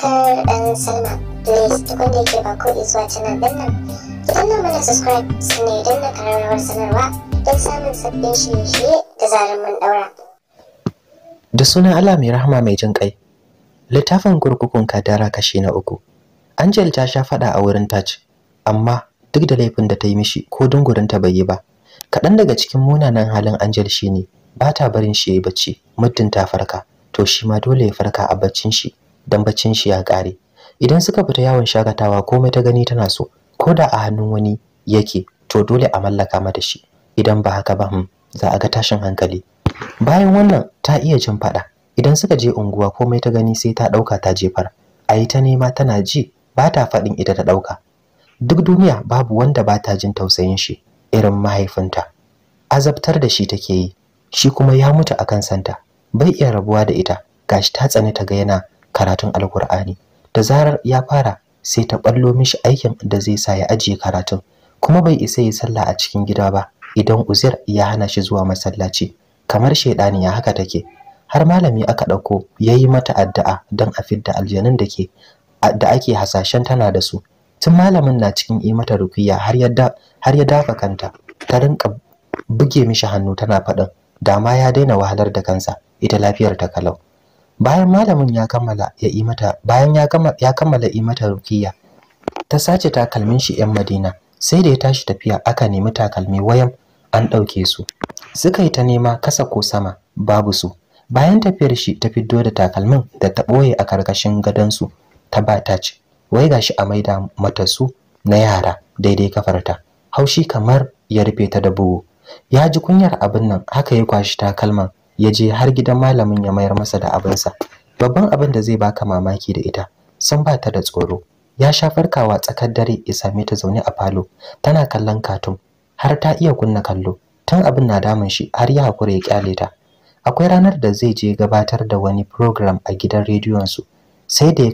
subscribe and sign up. Please da yake ba ko subscribe sanarwa don samun sabbin da sunan Allah mai rahama mai jin kai. Littafin kurkukun kadara kashi na uku. Angel ta sha fada a wurin Taj, amma duk da laifin da ta yi mishi ko dungurin ta bai yi ba. Kaɗan daga cikin munanan halin Angel shine ba ta barin shi ya yi bacci muddin ta farka, to shi ma dole ya farka a baccin shi dan bacin shi ya kare idan suka fita yawon shakatawa komai ta gani tana so ko da a hannun wani yake to dole a mallaka mata shi idan ba haka ba hmm, za a ga tashin hankali bayan wannan ta iya jin fada idan suka je unguwa komai ta gani sai ta dauka ta jefar a ta nema tana ji ba ta faɗin ita ta dauka duk duniya babu wanda ba ta jin tausayin shi irin mahaifinta azabtar da shi take yi shi kuma ya mutu akan santa bai iya rabuwa da ita gashi ta tsani ta ga yana karatun alkur'ani da zarar ya fara sai ta ballo mishi aikin da zai sa ya ajiye karatun kuma bai isa yi sallah a cikin gida ba idan uzair ya hana shi zuwa masallaci kamar ya haka take har malami aka dauko yayi mata addu'a don a fidda aljanun da ke da ake hasashen tana da su tun malamin na cikin yi mata rukiya har ya har ya dafa kanta ta rinka buge mishi hannu tana faɗin dama ya daina wahalar da kansa ita lafiyar ta kalau bayan malamin ya kammala ya yi mata bayan ya kammala ya kammala yi mata rukiya ta sace takalmin shi yan Madina sai da ya tashi tafiya aka nemi takalmi wayan an ɗauke su suka yi ta nema kasa ko sama babu su bayan tafiyar shi ta fiddo da takalmin da ta ɓoye a karkashin su ta ba ta ci wai gashi a maida mata su na yara daidai kafarta haushi kamar ya rufe ta da buhu, ya ji kunyar abin nan haka ya kwashi takalman ya je har gidan malamin ya mayar masa da abinsa babban abin da zai baka mamaki da ita san ba ta da tsoro ya sha farkawa tsakar dare ya same ta zaune a falo tana kallon katun har ta iya kunna kallo tun abin na damun shi har ya hakura ya kyale ta akwai ranar da zai je gabatar da wani program a gidan rediyon su sai da ya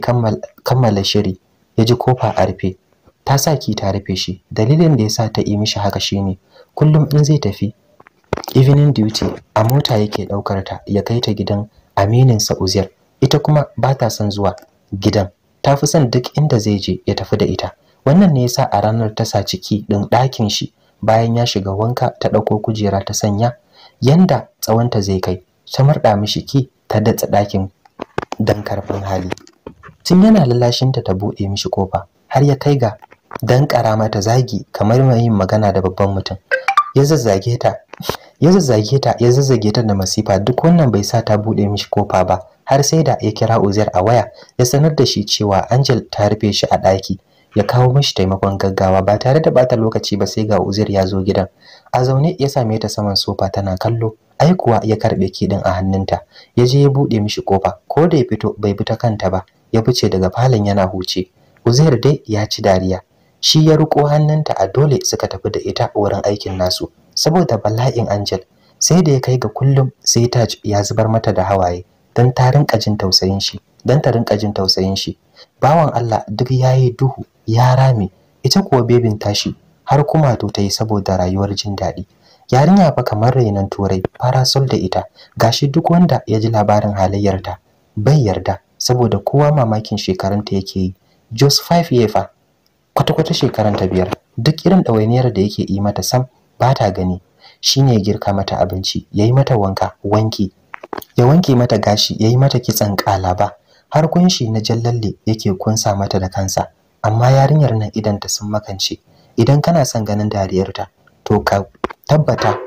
kammala shiri ya ji kofa a rufe ta sa ki ta rufe shi dalilin da ya sa ta yi mishi haka shine kullum in zai tafi evening duty a mota yake daukar ta ya kai ta gidan aminin sa uziyar, ita kuma ba ta son zuwa gidan ta fi son duk inda zai je ya tafi da ita wannan ne yasa a ranar ta sa ciki din ɗakin shi bayan ya shiga wanka ta ɗauko kujera ta sanya yanda tsawonta zai kai ta murɗa mishi ki ta datsa ɗakin dan karfin hali tun yana lalashinta ta buɗe mishi kofa har ya kai ga dan ƙara mata zagi kamar mai yin magana da babban mutum ya zazzage ta ya zazzage ta ya zazzage ta da masifa duk wannan bai sa ta bude mishi kofa ba har sai da ya kira Uzair a waya ya sanar da shi cewa Angel ta rufe shi a ɗaki ya kawo mishi taimakon gaggawa ba tare da bata lokaci ba sai ga Uzair ya zo gidan a zaune ya same ta saman sofa tana kallo ai kuwa ya karbe kidin a hannunta ya je ya bude mishi kofa ko da ya fito bai bi ta kanta ba ya fice daga falon yana huce Uzair dai ya ci dariya shi ya riko hannunta a dole suka tafi da ita wurin aikin nasu saboda bala'in Angel sai da ya kai ga kullum sai Taj ya zubar mata da hawaye don ta rinka jin tausayin shi dan ta rinka jin tausayin shi bawan Allah duk yayi duhu ya rame ita kuwa bebin tashi har kuma to ta saboda rayuwar jin daɗi yarinya fa kamar rainan turai Farasol da ita gashi duk wanda ya ji labarin halayyarta bai yarda saboda kowa mamakin shekarunta yake yi jos 5 year fa kwata-kwata ta biyar duk irin ɗawainiyar da yake yi mata sam ba ta gani shine ne girka mata abinci yayi mata wanka wanki ya wanke mata gashi yayi mata kitsan kalaba har kunshi na jallalle yake kunsa mata da kansa amma yarinyar nan idan ta sun makance idan kana son ganin dariyarta to ka tabbata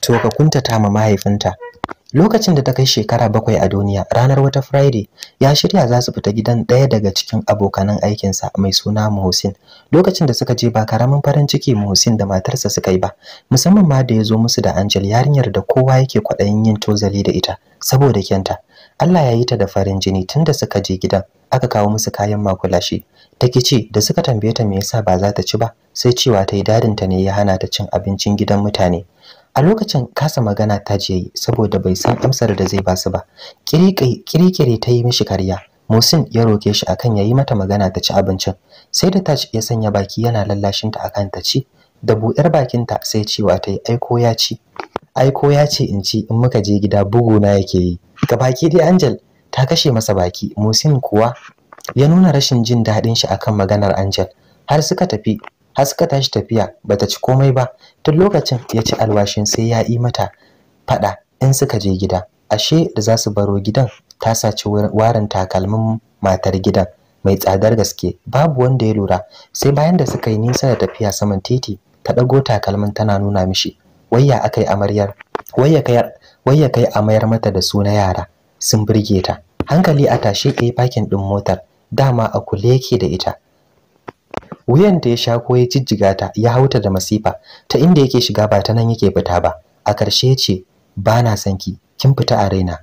to ka kuntata ma mahaifinta lokacin da ta kai shekara bakwai a duniya ranar wata friday ya shirya za su fita gidan ɗaya daga cikin abokanan aikinsa mai suna muhsin lokacin da suka je ba karamin farin ciki muhsin da matarsa suka yi ba musamman ma da ya zo musu da angel yarinyar da kowa yake kwaɗayin yin tozali da ita saboda kyanta allah ya yi ta da farin jini tun da suka je gidan aka kawo musu kayan makulashi take ce da suka tambaye ta me yasa ba za ta ci ba sai cewa ta yi dadinta ne ya hana ta cin abincin gidan mutane a lokacin kasa magana ta je saboda bai san amsar da zai basu ba kirikire ta yi mishi karya Musin ya roke shi akan yayi mata magana ta ci abincin sai da Taj ya sanya baki yana lallashin ta akan ta ci da buɗar bakin ta sai cewa ta yi aiko ya ci aiko ya ce in ci in muka je gida bugu na yake yi ga baki dai Angel ta kashe masa baki Musin kuwa ya nuna rashin jin daɗin shi akan maganar Angel har suka tafi Haska tashi tafiya bata ci komai ba tun lokacin ya ci alwashin sai ya yi mata fada in suka je gida ashe da za su baro gidan ta saci warin takalmin matar gidan mai tsadar gaske babu wanda ya lura sai bayan da suka yi nisa da tafiya saman titi ta ɗago takalmin tana nuna mishi wayya akai amaryar wayya kai wayya amayar mata da su na yara sun burge ta hankali a tashe kai fakin ɗin motar dama a kule yake da ita wuyan da ya sha ko ya jijjiga ta ya hauta da masifa ta inda yake shiga ba ta nan yake fita ba a ƙarshe ce ba na san ki kin fita a raina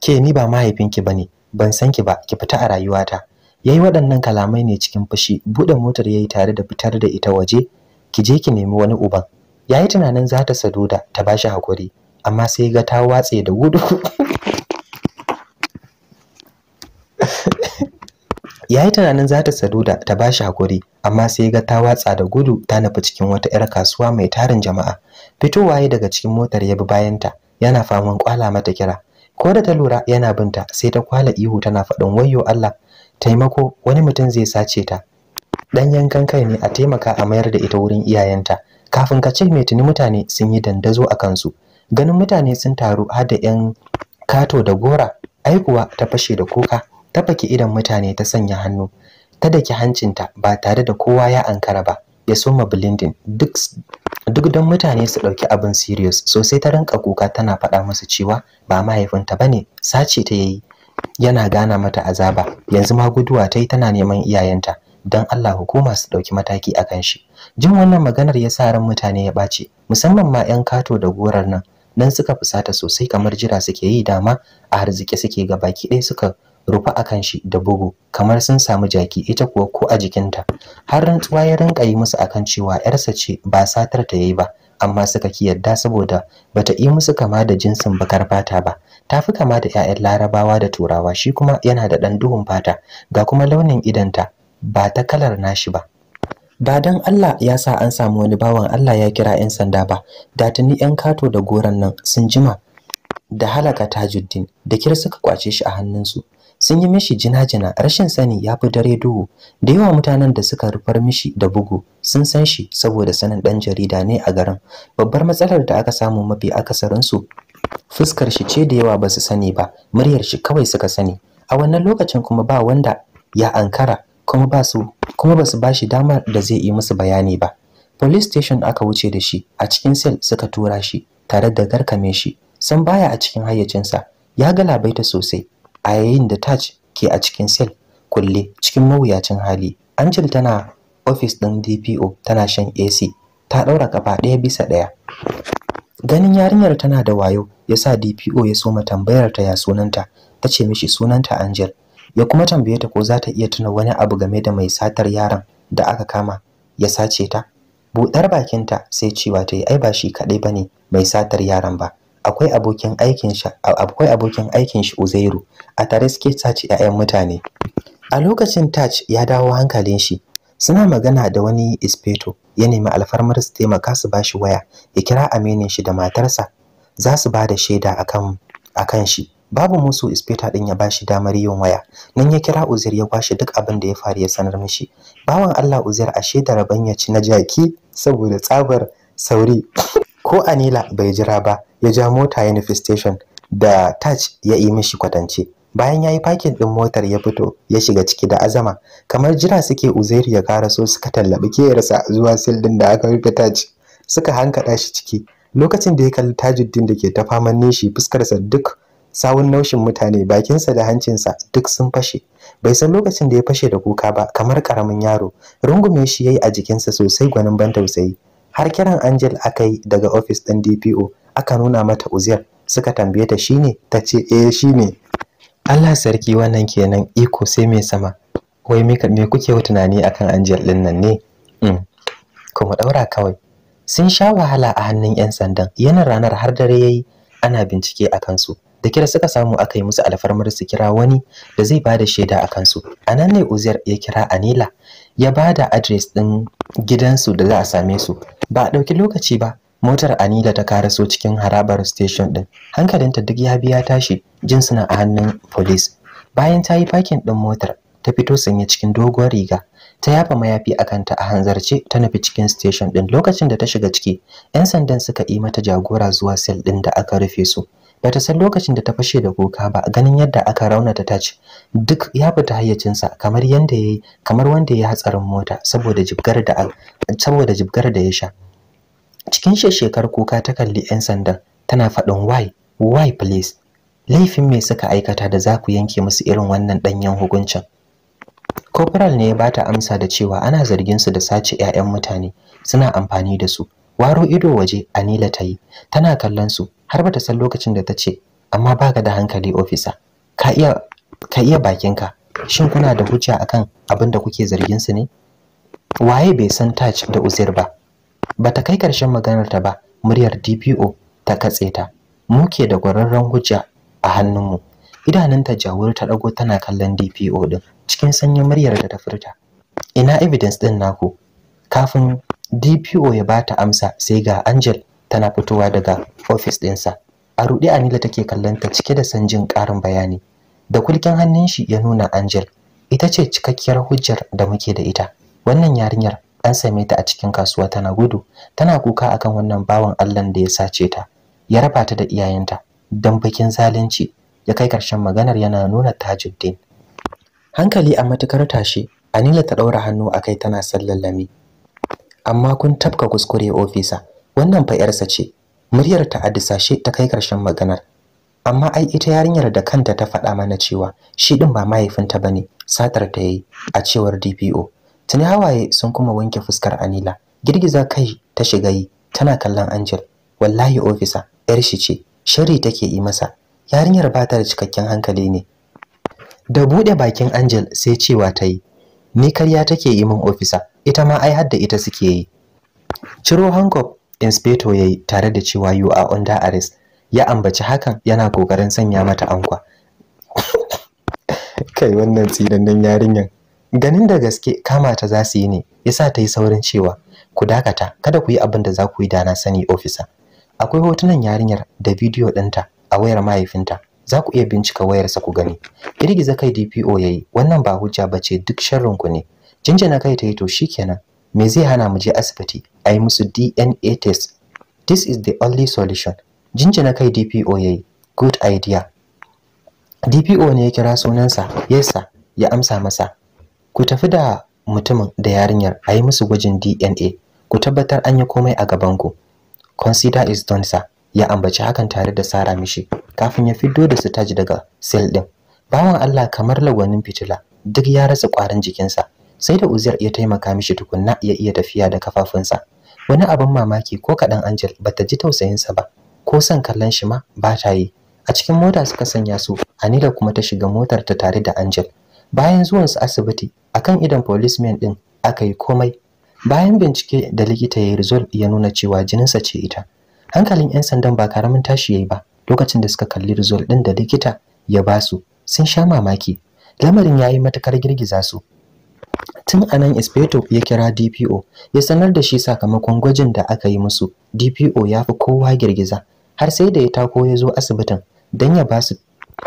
ke ni ba mahaifinki bane ban san ki ba ki fita a rayuwata Ya yi waɗannan kalamai ne cikin fushi buɗe motar ya yi tare da fitar da ita waje ki je ki nemi wani uban Ya yi tunanin za ta da ta bashi hakuri amma sai ga ta watse da gudu ya yi tunanin za ta saduda ta ba shi hakuri amma sai ga ta watsa da gudu ta nufi cikin wata 'yar kasuwa mai tarin jama'a fitowa ya daga cikin motar ya bi bayanta yana faman kwala mata kira ko da ta lura yana binta sai ta kwala ihu tana faɗin wayyo Allah taimako wani mutum zai sace ta Ɗan yankan kai ne a taimaka a mayar da ita wurin iyayenta kafin ka ce mai tuni mutane sun yi dandazo a kansu ganin mutane sun taru har da 'yan kato da gora aikuwa ta fashe da kuka ta faki idan mutane ta sanya hannu ta daki hancinta ba tare da kowa ya ankara ba ya soma blinding duk duk don mutane su ɗauki abin serious sosai ta rinka kuka tana faɗa musu cewa ba mahaifinta ba ne? sace ta yayi yana gana mata azaba yanzu ma guduwa ta yi tana neman iyayenta don Allah hukuma su ɗauki mataki a kan shi jin wannan maganar ya sa ran mutane ya ɓace musamman ma 'yan kato da gorar nan nan suka fusata sosai kamar jira suke yi dama a arziki suke gabaki ɗaya suka rufe a kan shi da bugu kamar sun samu jaki ita kuwa ko a jikinta har rantsuwa ya rinka yi musu akan cewa yarsa ce ba satar ta yayi ba amma suka ki yadda saboda bata yi musu kama da jinsin bakar fata ba Ta fi kama da 'ya'yan larabawa da turawa shi kuma yana da ɗan duhun fata ga kuma launin idanta ba ta kalar nashi ba ba dan Allah ya sa an samu wani bawan Allah ya kira 'yan sanda ba da tuni 'yan kato da goran nan sun jima da halaka tajuddin da kir suka kwace shi a hannunsu sun yi mishi jina-jina rashin sani ya fi dare duhu da yawa mutanen da suka rufar mishi da bugu sun san shi saboda sanin ɗan jarida ne a garin babbar matsalar da aka samu mafi akasarinsu fuskar shi ce da yawa ba su sani ba muryar shi kawai suka sani a wannan lokacin kuma ba wanda ya ankara kuma ba su kuma ba su shi damar da zai yi musu bayani ba police station aka wuce da shi a cikin cell suka tura shi tare da garkame shi san baya a cikin hayyacinsa ya ga labaita sosai a yayin da Taj ke a cikin sel kulle cikin mawuyacin hali. Angel tana ofis ɗin DPO tana shan AC ta ɗaura kafa ɗaya bisa ɗaya. Ganin yarinyar tana da wayo ya sa DPO ya soma tambayar ta ya sunanta ta ce mishi sunanta Angel ya kuma tambaye ta ko za ta iya tuna wani abu game da mai satar yaron da aka kama ya sace ta. Buɗar bakinta sai cewa ta yi ai ba shi kaɗai ba ne mai satar yaron ba. akwai abokin aikin shi akwai abokin aikin shi Uzairu a tare suke tace ƴaƴan mutane a lokacin Taj ya dawo hankalin shi suna magana da wani ispeto ya nemi alfarmar su taimaka su bashi waya ya kira aminin shi da matarsa za su ba da shaida akan akan shi babu musu ispeta din ya bashi damar yin waya nan ya kira Uzair ya kwashe duk abin da ya faru ya sanar mishi bawan Allah Uzair a da rabon ya ci na jaki saboda tsabar sauri ko Anila bai jira ba ya ja mota ya nufi station da touch ya yi mishi kwatance bayan ya yi parking din motar ya fito ya shiga ciki da azama kamar jira suke uzairi ya kara so suka tallabi keyarsa zuwa sildin da aka rufe touch suka hankaɗa shi ciki lokacin da ya kalli tajuddin da ke ta faman nishi fuskarsa duk sawun naushin mutane bakinsa da hancinsa duk sun fashe bai san lokacin da ya fashe da kuka ba kamar karamin yaro rungume shi yayi a jikinsa sosai gwanin ban tausayi har kiran angel aka daga ofis ɗin dpo aka nuna mata uzair suka tambaye ta shine ta ce eh shine Allah sarki wannan kenan iko sai mai sama wai me kuke tunani akan anjel din nan ne mm. kuma daura kawai sun sha wahala a hannun yan sandan yana ranar har dare yayi ana bincike akan su da kira suka samu aka yi musu alfarmar su kira wani da zai bada shaida a kansu a nan ne uzair ya kira anila ya bada adres din gidansu da za a same su ba a ɗauki lokaci ba motar anila ta karaso cikin harabar station din hankalinta duk ya biya tashi jin suna a hannun police bayan ta yi parking din motar ta fito sanye cikin doguwar riga ta yafa mayafi a kanta a hanzarce ta nufi cikin station din lokacin da ta shiga ciki yan sandan suka yi mata jagora zuwa cell din da aka rufe su bata san lokacin da ta fashe da kuka ba ganin yadda aka raunata ta ce duk ya fita hayyacinsa kamar yanda yayi kamar wanda ya hatsarin mota saboda jibgar da ya sha cikin shekar kuka ta kalli 'yan sandan tana faɗin why why please laifin me suka aikata da za ku yanke musu irin wannan ɗanyen hukuncin corporal ne ya ba ta amsa da cewa ana zargin su da sace 'ya'yan mutane suna amfani da su waro ido waje anila ta yi tana kallon su har bata san lokacin da ta ce amma baka da hankali ofisa ka iya ka iya bakinka shin kuna da hujja akan abin da kuke zargin su ne waye bai san touch da uzir ba bata kai ƙarshen maganar ta ba muryar DPO ta katse ta muke da gwararren hujja a hannunmu idanunta jawur ta dago tana kallon DPO din cikin sanyin muryar da ta furta ina evidence din naku kafin DPO ya bata amsa sai ga Angel tana fitowa daga office ɗinsa a rudi Anila take kallon ta cike da sanjin karin bayani da kulkin hannun shi ya nuna Angel ita ce cikakkiyar hujjar da muke da ita wannan yarinyar an same ta a cikin kasuwa tana gudu tana kuka akan wannan bawan Allah da ya sace ta ya raba ta da iyayenta dan bakin zalunci ya kai karshen maganar yana nuna Tajuddin hankali a matukar tashi Anila ta daura hannu akai tana sallallami amma kun tafka kuskure ofisa wannan fa yarsa ce muryar ta addisashe ta kai karshen maganar amma ai ita yarinyar da kanta ta faɗa mana cewa shi din ba mahaifinta bane satar ta yi a cewar DPO tuni hawaye sun kuma wanke fuskar anila girgiza kai ta shiga yi tana kallon angel wallahi ofisa yar shi ce shari take yi masa yarinyar ba ta da cikakken hankali ne da buɗe bakin angel sai cewa ta yi ni karya take yi min ofisa ita ma ai hadda ita suke yi ciro hankop inspector yayi tare da cewa you are under arrest ya ambaci hakan yana kokarin sanya mata ankwa kai wannan tsinannen yarinyar. ganin da gaske kama ta za su yi ne yasa ta yi saurin cewa ku dakata kada ku yi abin da za ku yi da na sani ofisa akwai hotunan yarinyar da bidiyo ɗinta a wayar mahaifinta za ku iya bincika wayarsa ku gani Irgiza kai DPO yayi wannan ba hujja ce, duk sharrin ku ne na kai ta yi to shikenan me zai hana mu je asibiti a yi musu DNA test this is the only solution jinjina kai DPO yayi good idea DPO ne ya kira sunansa yes ya amsa masa ku tafi da mutumin da yarinyar a yi musu gwajin DNA ku tabbatar an yi komai a gabanku consider is done sir ya ambaci hakan tare da Sara mishi kafin ya fiddo da su taji daga sel din bawan Allah kamar lagwanin fitila duk ya rasa kwarin jikinsa sai da uziyar ya taimaka mishi tukunna ya iya tafiya da kafafunsa wani abin mamaki ko kaɗan Angel ba ta ji tausayinsa ba ko son kallon shi ma ba ta yi a cikin mota suka sanya su Anila kuma ta shiga motar ta tare da Angel bayan zuwansu asibiti akan idan policeman din aka yi komai bayan bincike da likita ya yi result ya nuna cewa jininsa ce ita hankalin 'yan sandan ba karamin tashi yayi ba lokacin da suka kalli result din da likita ya ba su sun sha mamaki lamarin ya yi matukar girgiza su tun anan inspector ya kira DPO ya sanar da shi sakamakon gwajin da aka yi musu DPO ya fi kowa girgiza har sai da ya tako ya zo asibitin don ya ba su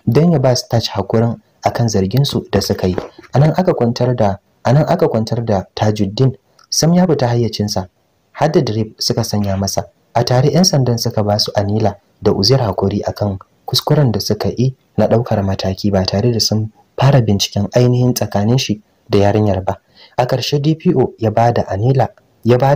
don ya ba su touch hakurin akan zargin su da suka yi anan aka kwantar da anan aka kwantar da Tajuddin sam ya fita hayyacinsa har da drip suka sanya masa a tare 'yan sandan suka ba su anila da uzir hakuri akan kuskuren da suka yi na ɗaukar mataki ba tare da sun fara binciken ainihin tsakanin shi da yarinyar ba a ƙarshe dpo ya ba da anila ya ba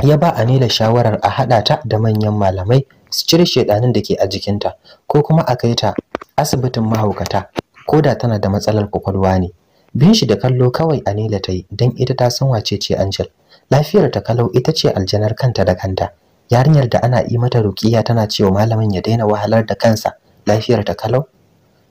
ya ba anila shawarar a haɗa ta da manyan malamai su cire shedanin da ke a jikinta ko kuma a kai ta asibitin mahaukata Koda tana da matsalar kwakwalwa ne bin shi da kallo kawai anila ta yi don ita ta san wace ce angel lafiyar ta kalau ita ce aljanar kanta da kanta yarinyar da ana yi mata rukiya tana cewa malamin ya daina wahalar da kansa lafiyar ta kalau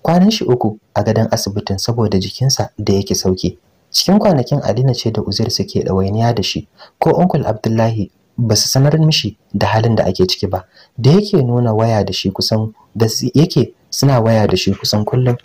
kwanan shi uku a gadon asibitin saboda jikinsa da yake sauki cikin kwanakin Alina ce da Uzair suke ɗawainiya da shi ko Uncle Abdullahi ba su sanar mishi da halin da ake ciki ba da yake nuna waya da shi kusan da yake suna waya da shi kusan kullum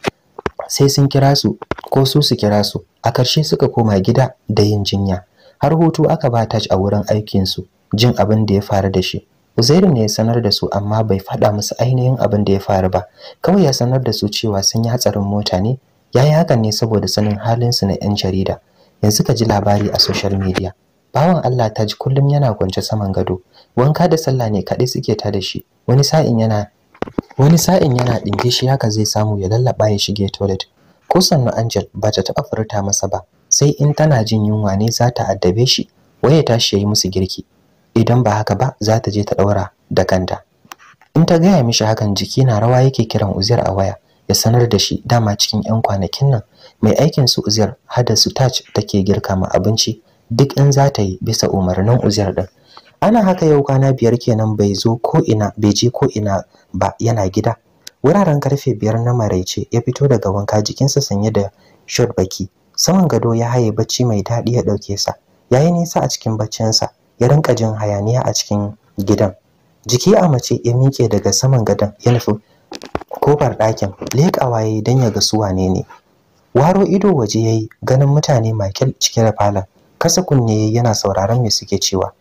sai sun kira su ko su su kira su a ƙarshe suka koma gida da yin jinya har hutu aka ba taj a wurin aikinsu jin abin da ya faru da shi Uzairu ne ya sanar da su amma bai faɗa musu ainihin abin da ya faru ba kawai ya sanar da su cewa sun yi hatsarin mota ne ya yi hakan ne saboda sanin halinsu na 'yan jarida yanzu ka ji labari a social media bawan Allah taj kullum yana kwance saman gado wanka da sallah ne kaɗai suke ta da shi wani sa'in yana wani sa'in yana ɗinke shi haka zai samu ya lallaɓa ya shige toilet ko sannu angel ba ta taɓa furta masa ba sai in tana jin yunwa ne za ta addabe shi waye tashi ya yi musu girki idan ba haka ba za ta je ta ɗaura da kanta in ta gaya mishi hakan jiki na rawa yake kiran uzair a waya ya sanar da shi dama cikin 'yan kwanakin nan mai aikin su uzair hada su touch take girka ma abinci duk in za ta yi bisa umarnin uzair din ana haka yau kwana biyar kenan bai zo ko ina bai je ko ina ba yana gida wuraren karfe biyar na maraice ya fito daga wanka jikinsa sanye da shot baki saman gado ya haye bacci mai daɗi ya ɗauke sa ya yi nisa a cikin baccinsa ya rinka jin hayaniya a cikin gidan jiki a mace ya miƙe daga saman gadon ya nufi kofar ɗakin leƙawa ya yi don ya ga su wane ne waro ido waje ya yi ganin mutane makil cike da falon kasa kunne yana sauraron me suke cewa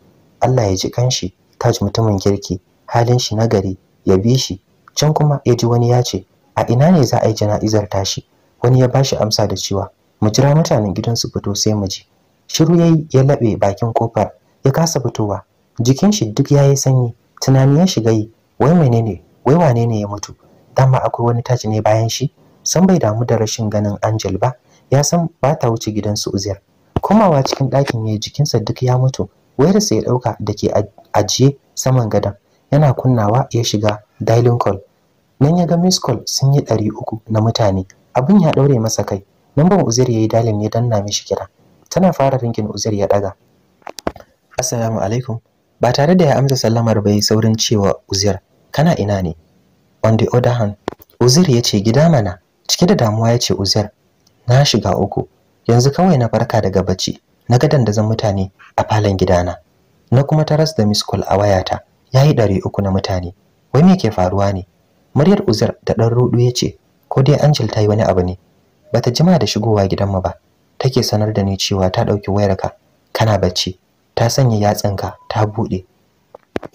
Allah ya ji kanshi Taj mutumin kirki halin shi nagari ya bi shi can kuma ya ji wani ya ce a ina ne za a yi jana'izar tashi wani ya bashi amsa da cewa mu jira mutanen gidan su fito sai mu ji shiru yayi ya labe bakin kofar ya kasa fitowa jikin shi duk yayi sanyi tunani ya shiga yi wai menene wai wane ne ya mutu dama akwai wani taji ne bayan shi san bai damu da rashin ganin Angel ba ya san ba ta wuce gidan su Uzair komawa cikin ɗakin ne jikinsa duk ya mutu wayarsa ya ɗauka da ke ajiye saman gadon yana kunnawa ya shiga dialing call nan ya ga miss call sun yi ɗari uku na mutane abin ya ɗaure masa kai lambar uzair ya yi dalin ya danna mishi kira tana fara rinkin uzair ya ɗaga assalamu alaikum ba tare da ya amsa sallamar bai saurin cewa uzair kana ina ne on the other hand uzair ya ce gida mana cike da damuwa ya ce uzair na shiga uku yanzu kawai na farka daga bacci na ga dandazon mutane a falon gidana na kuma taras da miss call a wayata yayi ɗari uku na mutane wai me ke faruwa ne muryar uzar da ɗan rudu ya ce ko dai angel ta yi wani abu ne bata jima da shigowa gidanmu ba take sanar da ni cewa ta ɗauki wayarka kana bacci ta sanya yatsanka ta buɗe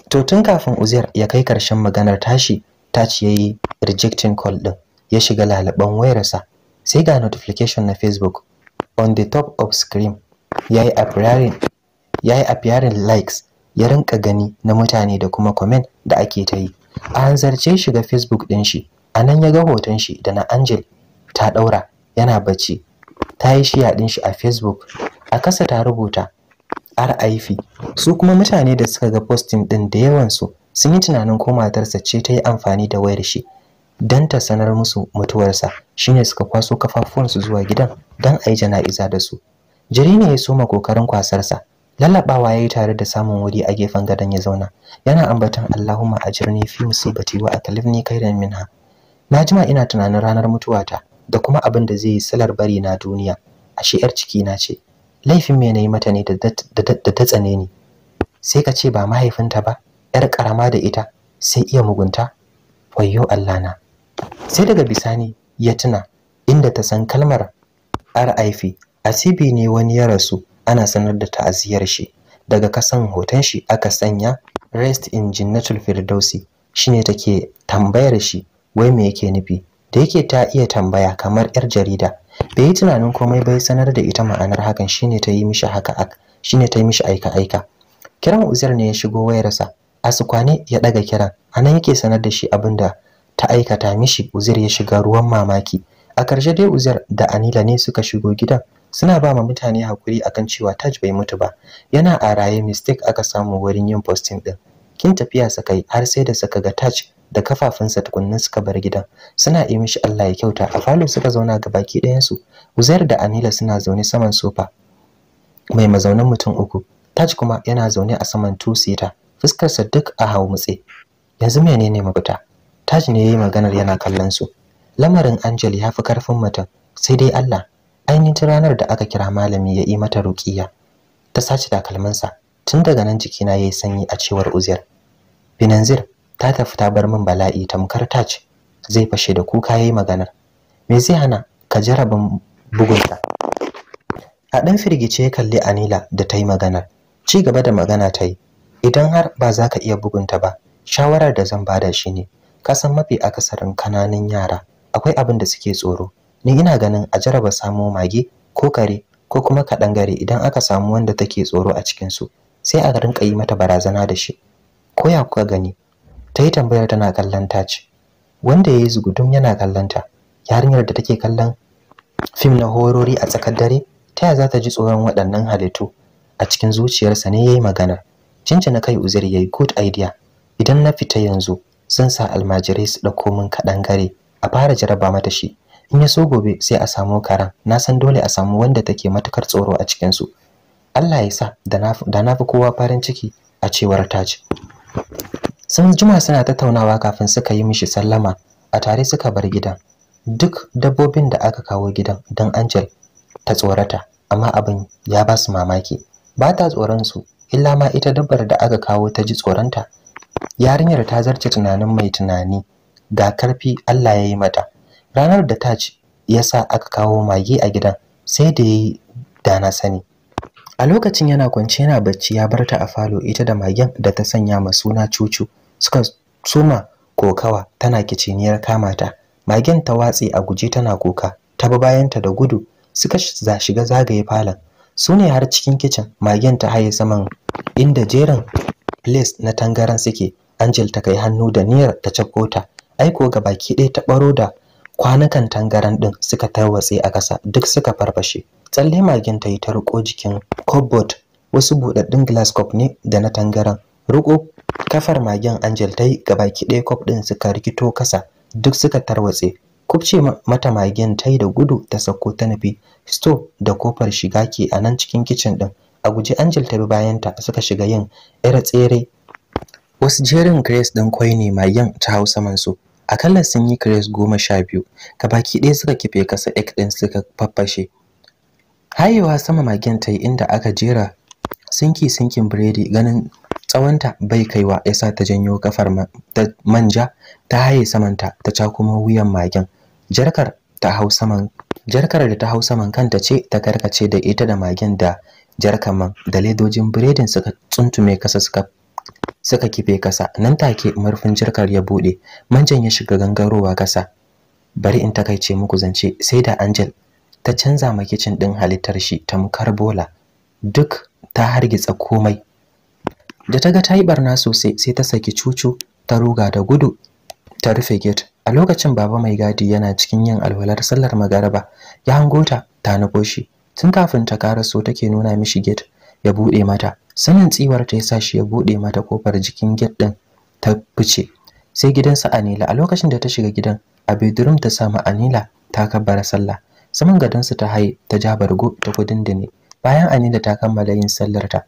to tun kafin uzair ya kai karshen maganar tashi ta taci yayi rejecting call din ya shiga lalaban wayarsa sai ga notification na facebook on the top of screen ya yi appearing likes ya rinka gani na mutane da kuma comment da ake ta yi a hanzarce shi ga facebook ɗin shi a nan ya ga hoton shi da na angel ta ɗaura yana bacci ta yi shiya ɗin shi a facebook a kasa ta rubuta rif su kuma mutane da suka ga posting ɗin da yawansu sun yi tunanin ko matarsa ce ta yi amfani da wayar shi don ta sanar musu mutuwarsa shine suka kwaso kafafuwansu zuwa gidan don a yi jana'iza da su Jirina ya soma kokarin kwasarsa. Lallabawa yayi tare da samun wuri a gefen gadon ya zauna. Yana ambaton Allahumma ajirni fi musibati wa kai da minha. Na jima ina tunanin ranar mutuwata da kuma abin da zai yi salar bari na duniya. Ashe yar ciki na ce. Laifin me yi mata ne da ta tsane ni? Sai ka ce ba mahaifinta ba, yar karama da ita, sai iya mugunta. Wayyo Allah na. Sai daga bisani ya tuna inda ta san kalmar RIP asibi ne wani ya rasu ana sanar da ta'aziyar shi daga kasan hoton shi aka sanya rest in jannatul firdausi shine take tambayar shi wai me yake nufi da yake ta iya tambaya kamar yar jarida bai yi tunanin komai bai sanar da ita ma'anar hakan shine ta yi mishi haka shine ta yi mishi aika aika kiran uzair ne ya shigo wayarsa asukwane ya daga kiran anan yake sanar da shi abinda ta aikata mishi uzair ya shiga ruwan mamaki a ƙarshe dai uzair da anila ne suka shigo gidan suna ba ma mutane hakuri akan cewa Taj bai mutu ba yana a raye mistake aka samu wurin yin posting din kin tafiya suka yi har sai da suka ga Taj da kafafunsa tukunna suka bar gidan suna yi mishi Allah ya kyauta a falo suka zauna ga baki ɗayan su Uzair da Anila suna zaune saman sofa mai mazaunin mutum uku Taj kuma yana zaune a saman two seater fuskarsa duk a mutse. yanzu menene mafita Taj ne yayi maganar yana kallon su lamarin Angel ya fi karfin mutum sai dai Allah ainihin ranar da aka kira malami ya yi mata ruƙiya ta sace takalminsa tun daga nan jikina yi sanyi a cewar Uzair Binanzir ta tafi ta bar min bala'i tamkar ta ce zai fashe da kuka yayi maganar me zai hana ka jarabin bugunta a dan firgice ya kalli Anila da ta yi maganar ci gaba da magana ta yi idan har ba za ka iya bugunta ba shawarar da zan bada shine ka san mafi akasarin kananan yara akwai abin da suke tsoro ni ina ganin a jaraba samo mage ko kare ko kuma gare idan aka samu wanda take tsoro a cikinsu sai a rinka yi mata barazana da shi ko ya kuka gani ta yi tambayar tana kallon ta ce wanda ya yi zugudum yana kallon ta yarinyar da take kallon fim na horori a tsakar dare ta ya za ta ji tsoron waɗannan halittu a cikin zuciyarsa ne ya yi maganar na kai uzir ya yi good idea idan na fita yanzu sun sa almajirai su ɗauko min gare a fara jaraba mata shi in ya so gobe sai a samu karan na san dole a samu wanda take matukar tsoro a cikin su Allah ya sa da na fi kowa farin ciki a cewar taji sun juma suna tattaunawa kafin suka yi mishi sallama a tare suka bar gidan duk dabbobin da aka kawo gidan don Angel ta tsorata amma abin ya ba su mamaki ba ta tsoron su illa ma ita dabbar da aka kawo ta ji tsoronta yarinyar ta zarce tunanin mai tunani ga karfi Allah ya yi mata ranar da taj ya sa aka kawo mage a gidan sai da yayi da na sani a lokacin yana kwance yana bacci ya barta a falo ita da magen da ta sanya ma suna cucu suka suma kokawa tana kiciniyar kama ta magen ta watse a guje tana kuka ta bi bayanta da gudu suka shiga zagaye falon su ne har cikin kicin magen ta haye saman inda jerin place na tangaran suke angel ta kai hannu da Niyar ta cakko ta aiko ga baki ɗaya ta ɓaro da Kwanakan tangaran din suka tarwatse a ƙasa duk suka farfashe tsalle magen ta yi ta riko jikin cupboard wasu buɗaɗɗun glass cup ne da na tangaran riko kafar magen angel ta yi gabaki ɗaya cup din suka rikito kasa duk suka tarwatse kubce mata magen ta yi da gudu ta sako ta nufi stove da kofar shiga ke a nan cikin kicin din a guji angel ta bi bayanta suka shiga yin tsere wasu jerin grace din kwai ne magen ta hausa mansu akalla sun yi kres goma sha biyu Ka baki ɗaya suka kife kasa ek ɗin suka faffashe hayewa sama magen ta yi inda aka jera sinki sinkin biredi ganin tsawonta bai kaiwa ya sa ta janyo kafar manja ta haye samanta ta ca kuma wuyan magen jarkar da ta hau saman kanta ce ta karkace da ita da magen da man. da ledojin biredin suka tsuntume kasa suka suka kife kasa nan take murfin jirkar ya bude manjan ya shiga gangarowa kasa bari in takaice muku zance sai da Angel ta canza ma kitchen din halittar shi ta mukar bola duk ta hargitsa komai da ta ga ta barna sosai sai ta saki cucu ta ruga da gudu ta rufe gate a lokacin baba mai gadi yana cikin yin alwalar sallar magaraba ya hango ta ta nufo shi tun kafin ta karaso take nuna mishi gate ya bude mata sanin tsiwar ta yasa shi ya bude mata kofar jikin gate din ta fice sai gidansa Anila a lokacin da ta shiga gidan a bedroom ta samu Anila ta kabbara sallah saman su ta haye ta ja bargo ta kudin da bayan Anila ta kammala yin sallar ta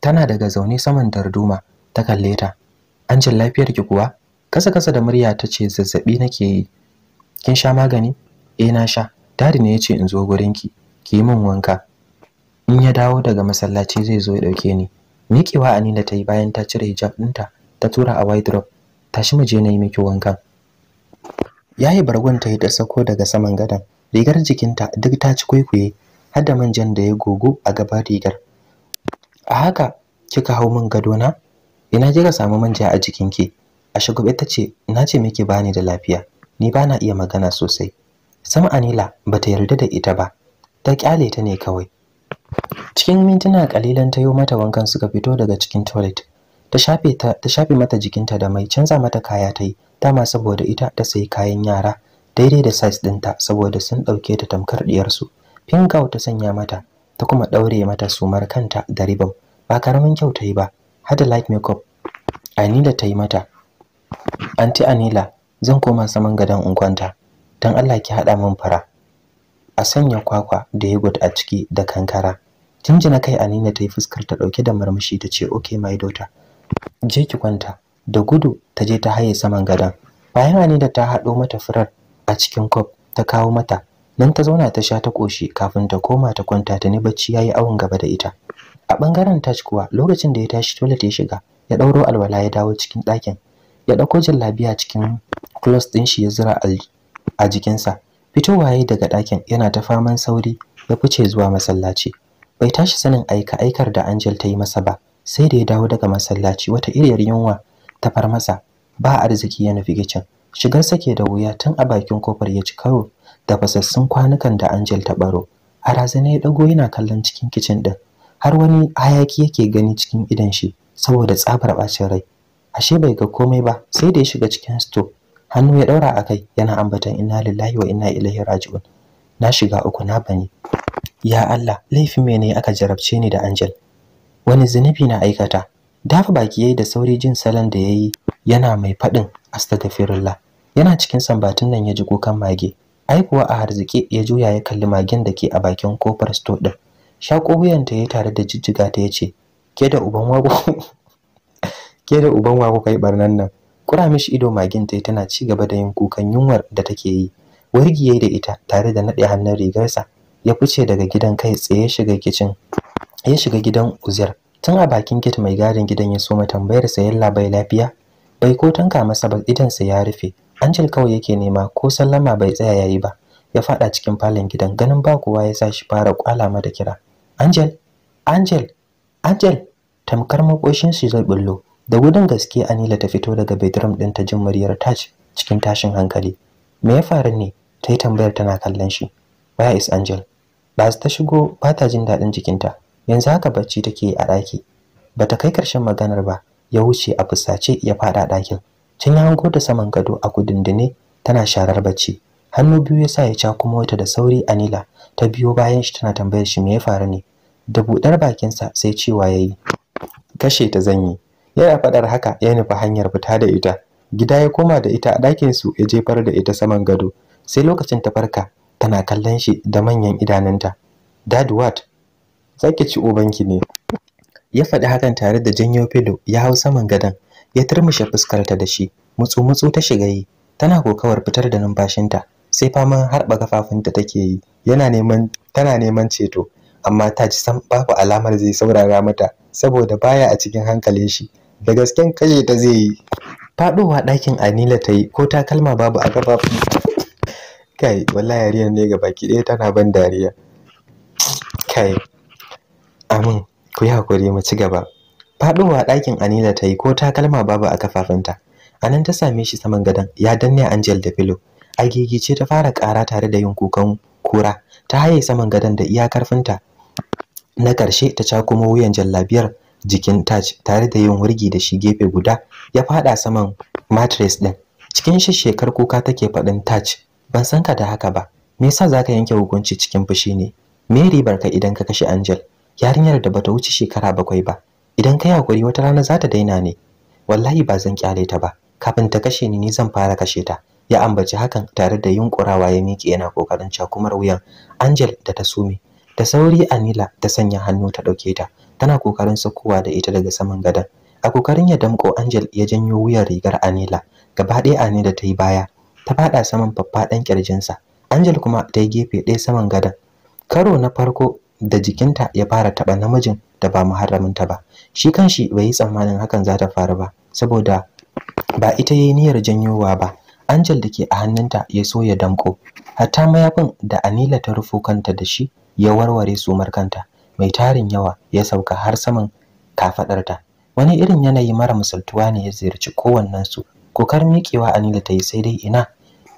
tana daga zaune saman darduma ta kalle ta an jin lafiyar ki kuwa kasa kasa da murya ta ce zazzabi nake yi kin sha magani eh na sha dadi ne yace in zo gurin ki ki yi min wanka in ya dawo daga masallaci zai zo ya dauke ni miƙewa Anila ta yi bayan ta cire hijab ɗinta ta tura a wardrobe tashi mu je na yi miki wanka yayi bargon ta yi da sako daga saman gadon, rigar jikinta duk ta ci kwaikwaye har da manjan da ya gogo a gaba rigar a haka kika hau min gado na ina kika samu manja a jikinki a shugube ta ce na ce miki bani da lafiya ni ba na iya magana sosai sama anila bata yarda da ita ba ta kyale ta ne kawai cikin mintuna kalilan ta yi mata wankan suka fito daga cikin toilet ta shafe mata jikinta da mai canza mata kaya ta yi dama saboda ita ta sayi kayan yara daidai da size ɗinta saboda sun ɗauke ta tamkar ɗiyarsu pink out ta sanya mata ta kuma ɗaure mata sumar kanta da ribam ba karamin kyau ta yi ba har da light makeup anila ta yi mata anti anila zan koma saman gadon unkwanta don allah ki haɗa min fara a sanya kwakwa da yogurt a ciki da kankara Jinjina kai Anina ta yi fuskar ta dauke da murmushi ta ce okay my daughter. Je ki kwanta. Da gudu ta je ta haye saman gadon. Bayan Anina ta haɗo mata furar a cikin kwaf ta kawo mata. Nan ta zauna ta sha ta koshi kafin ta koma ta kwanta ta ni bacci yayi awon gaba da ita. A bangaren Taj kuwa lokacin da ya tashi toilet ya shiga ya dauro alwala ya dawo cikin ɗakin. Ya ɗauko jallabiya cikin clothes din shi ya zura a jikinsa. Fitowa yayi daga ɗakin yana ta faman sauri ya fice zuwa masallaci. bai tashi sanin aika aikar da Angel ta yi masa ba sai da ya dawo daga masallaci wata iriyar yunwa ta far masa ba arziki ya nufi gicin shigar sake da wuya tun a bakin kofar ya ci karo da fasassun kwanukan da Angel ta baro a razana ya dago yana kallon cikin kicin din har wani hayaki yake gani cikin idan shi saboda tsabar bacin rai ashe bai ga komai ba sai da ya shiga cikin store hannu ya daura akai yana ambaton inna lillahi wa inna ilaihi raji'un na shiga uku na bane ya Allah laifi ne aka jarabce ni da Angel wani zunubi na aikata dafa baki yayi da sauri jin salon da yayi yana mai fadin astaghfirullah yana cikin sambatun nan ya ji kukan mage ai kuwa a harzike ya juya ya kalli magen da ke a bakin kofar store din shako wuyanta ya tare da jijjiga ta yace ke da uban wago ke da uban wago kai barnan nan kura mishi ido magen tai tana ci gaba da yin kukan yunwar da take yi wargiye da ita tare da nade hannun rigarsa ya fice daga gidan kai tsaye shiga kicin ya shiga gidan uzair tun a bakin gate mai gadin gidan ya soma tambayar sa yalla bai lafiya bai ko tanka masa ba idan sa ya rufe Angel kawai yake nema ko sallama bai tsaya yayi ba ya fada cikin falon gidan ganin ba kowa ya sa shi fara kwalama da kira Angel Angel Angel tamkar makoshin shi zai bullo da gudun gaske Anila ta fito daga bedroom din ta jin muryar Taj cikin tashin hankali me ya faru ne ta yi tambayar tana kallon shi where is Angel ba ta shigo ba ta jin daɗin jikinta yanzu haka bacci take a ɗaki ba ta kai ƙarshen maganar ba ya wuce a fusace ya faɗa ɗakin can ya hango da saman gado a kudindine tana sharar bacci hannu biyu ya sa ya ca kuma wata da sauri anila ta biyo bayan shi tana tambayar shi me ya faru ne da buɗar bakinsa sai cewa ya yi kashe ta zanyi yana faɗar haka ya nufi hanyar fita da ita gida ya koma da ita a ɗakinsu ya jefar da ita saman gado sai lokacin ta farka tana kallon shi da manyan idanunta dad what zaki ci ubanki ne ya faɗi hakan tare da janyo filo ya hau saman gadon ya turmushe fuskarta da shi mutsu-mutsu ta shiga yi tana kokawar fitar da numfashinta sai faman harba kafafunta take yi yana neman tana neman ceto amma ta ji san babu alamar zai saurara mata saboda baya a cikin hankalin shi da gasken kashe ta zai yi faɗowa ɗakin anila ta yi ko takalma babu a kafafun kai wallahi yariyar ne ga baki ɗaya tana ban dariya kai amin ku yi hakuri mu ci gaba faɗowa ɗakin anila ta yi ko takalma babu a kafafunta a nan ta same shi saman gadon ya danne angel da filo a gigice ta fara ƙara tare da yin kukan kura ta haye saman gadon da iya karfinta na ƙarshe ta kuma wuyan jallabiyar jikin Taj tare da yin wurgi da shi gefe guda ya faɗa saman matres ɗin. Cikin shekar kuka take faɗin Taj, ban san ka da haka ba me yasa zaka yanke hukunci cikin fushi ne me ribar ka idan ka kashe Angel yarinyar da bata wuce shekara bakwai ba idan kai hakuri wata rana za ta daina ne wallahi ba zan kyale ta ba kafin ta kashe ni ni zan fara kashe ta ya ambaci hakan tare da yunkurawa ya miƙe yana kokarin cakumar wuyan Angel da ta sume da sauri Anila ta sanya hannu ta dauke ta tana kokarin sakowa da ita daga saman gadon a kokarin ya damko Angel ya janyo wuyan rigar Anila gaba ɗaya Anila ta yi baya ta faɗa saman ɗan ƙirjinsa Angel kuma ta yi gefe ɗaya saman gadon karo na farko da jikinta ya fara taɓa namijin da ba muharraminta ba shi kanshi bai yi tsammanin hakan za ta faru ba saboda ba ita yayi niyyar janyowa ba Angel da ke a hannunta ya so ya damƙo hatta mayafin da Anila ta rufo kanta da shi ya warware su markanta mai tarin yawa ya sauka har saman kafaɗarta. wani irin yanayi mara misaltuwa ne ya ziyarci kowannensu kokar miƙewa Anila ta yi sai dai ina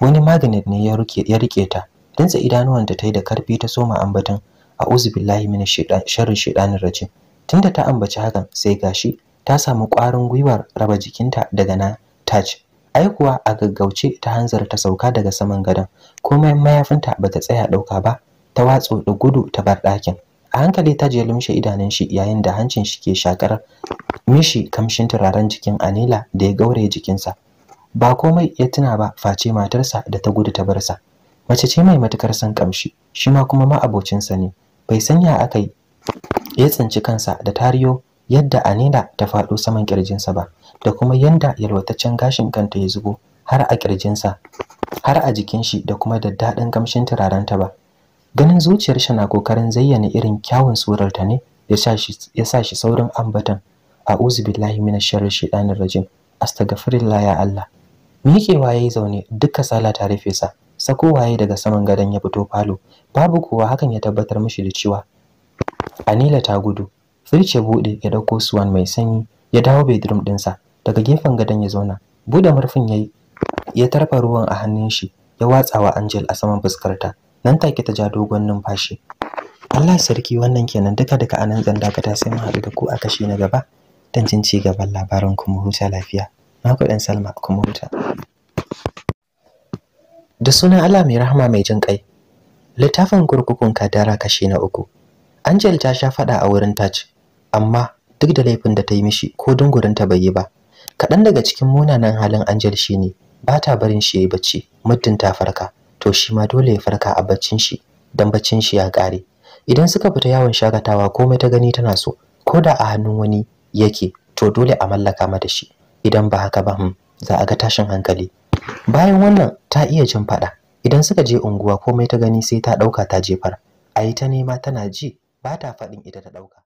wani maganin ne ya rike ta dantsa idanuwanta ta yi da karfi ta soma ambaton a billahi minash sharrin shaitanir rajim tunda ta ambaci hakan sai gashi ta samu ƙwarin gwiwar raba jikinta daga na taj ai kuwa a gaggauce ta hanzar ta sauka daga saman gadon komai mayafinta ba ta tsaya ɗauka ba ta watso da gudu ta bar ɗakin a hankali ta je lumshe idanun shi yayin da hancin shi ke shakar mishi kamshin turaren jikin anila da ya gaure jikinsa ba komai ya tuna ba face matarsa da ta gudu ta bar sa mace ce mai matukar san kamshi shi ma kuma ma'abocinsa ne bai sanya aka yi ya tsinci kansa da tariyo yadda anina ta faɗo saman kirjinsa ba da kuma yadda yalwataccen gashin kanta ya zubo har a kirjinsa har a jikin shi da kuma da daɗin kamshin ta ba ganin zuciyar shi na kokarin zayyana irin kyawun surarta ne ya sa shi saurin ambatan a'udhu billahi minash sharri shaitanir rajim astaghfirullah ya Allah miƙewa ya zaune dukka sala ta rufe sa sako waye daga saman gadon ya fito falo babu kowa hakan ya tabbatar mishi da cewa anila ta gudu firce bude ya dauko suwan mai sanyi ya dawo bedroom dinsa daga gefen gadon ya zauna bude murfin yayi ya tarfa ruwan a hannun shi ya watsa wa angel a saman fuskarta nan take ta ja dogon numfashi Allah sarki wannan kenan duka duka anan zan dakata sai mu haɗu da ku a kashi na gaba dan jin ci gaban labarin kuma huta lafiya na kuɗin salma kuma huta da sunan allah mai rahama mai jin kai littafin kurkukun kadara kashi na uku angel ta sha faɗa a wurin taci amma duk da laifin da ta yi mishi ko dungurinta bai yi ba kaɗan daga cikin munanan halin angel shi ne ba ta barin shi ya yi bacci muddin ta farka to shi ma dole ya farka a baccin shi dan baccin shi ya ƙare idan suka fita yawon shakatawa komai ta gani tana so ko da a hannun wani yake to dole a mallaka ma da shi idan ba haka ba hmm, za a ga tashin hankali bayan wannan ta iya jin fada idan suka je unguwa komai ta gani sai ta dauka ta jefar a yi ta nema tana ji ba ta faɗin ita ta dauka